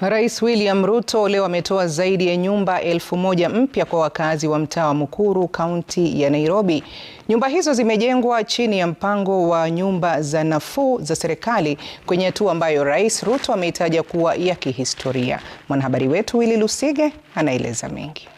Rais William Ruto leo ametoa zaidi ya nyumba elfu moja mpya kwa wakazi wa mtaa wa Mukuru, kaunti ya Nairobi. Nyumba hizo zimejengwa chini ya mpango wa nyumba za nafuu za serikali, kwenye hatua ambayo Rais Ruto ameitaja kuwa ya kihistoria. Mwanahabari wetu Willy Lusige anaeleza mengi.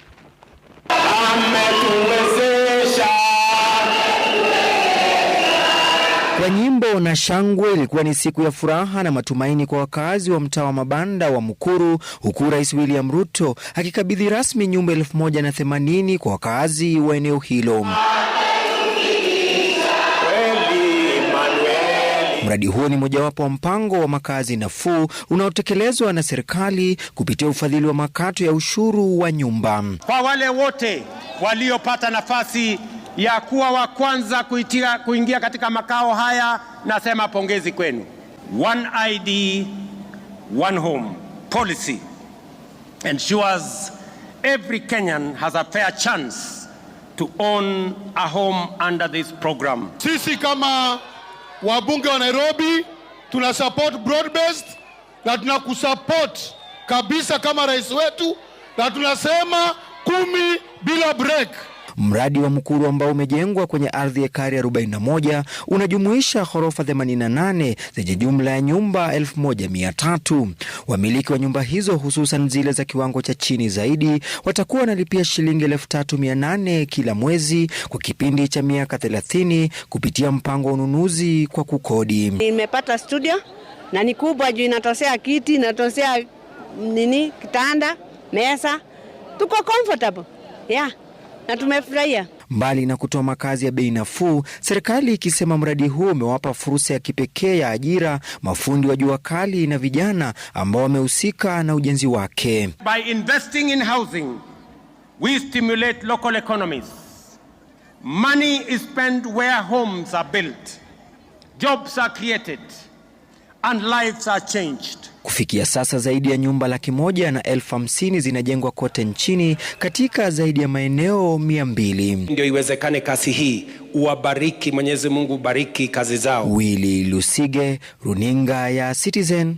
Kwa nyimbo na shangwe, ilikuwa ni siku ya furaha na matumaini kwa wakazi wa mtaa wa mabanda wa Mukuru, huku Rais William Ruto akikabidhi rasmi nyumba elfu moja na themanini kwa wakazi wa eneo hilo. Mradi huo ni mojawapo wa mpango wa makazi nafuu unaotekelezwa na serikali kupitia ufadhili wa makato ya ushuru wa nyumba kwa wale wote waliopata nafasi ya kuwa wa kwanza kuitia, kuingia katika makao haya, nasema pongezi kwenu. One ID, one home policy ensures every Kenyan has a fair chance to own a home under this program. Sisi kama wabunge wa Nairobi tuna support broad based na tunakusupport kabisa kama rais wetu, na tunasema kumi bila break. Mradi wa Mukuru ambao umejengwa kwenye ardhi ekari 41 unajumuisha ghorofa 88 zenye jumla ya nyumba 1300. Wamiliki wa nyumba hizo hususan zile za kiwango cha chini zaidi watakuwa wanalipia shilingi 3800 kila mwezi kwa kipindi cha miaka 30 kupitia mpango wa ununuzi kwa kukodi. Nimepata studio na ni kubwa juu inatosea kiti, inatosea nini, kitanda, meza, tuko comfortable yeah na tumefurahia. Mbali na kutoa makazi ya bei nafuu, serikali ikisema mradi huu umewapa fursa ya kipekee ya ajira mafundi wa jua kali na vijana ambao wamehusika na ujenzi wake. By investing in housing we stimulate local economies. Money is spent where homes are built. Jobs are created and lives are changed. Kufikia sasa zaidi ya nyumba laki moja na elfu hamsini zinajengwa kote nchini katika zaidi ya maeneo mia mbili. Ndio iwezekane kasi hii, uwabariki Mwenyezi Mungu, ubariki kazi zao. Willy Lusige, runinga ya Citizen,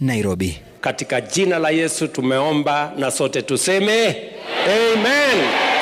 Nairobi. Katika jina la Yesu tumeomba na sote tuseme amen.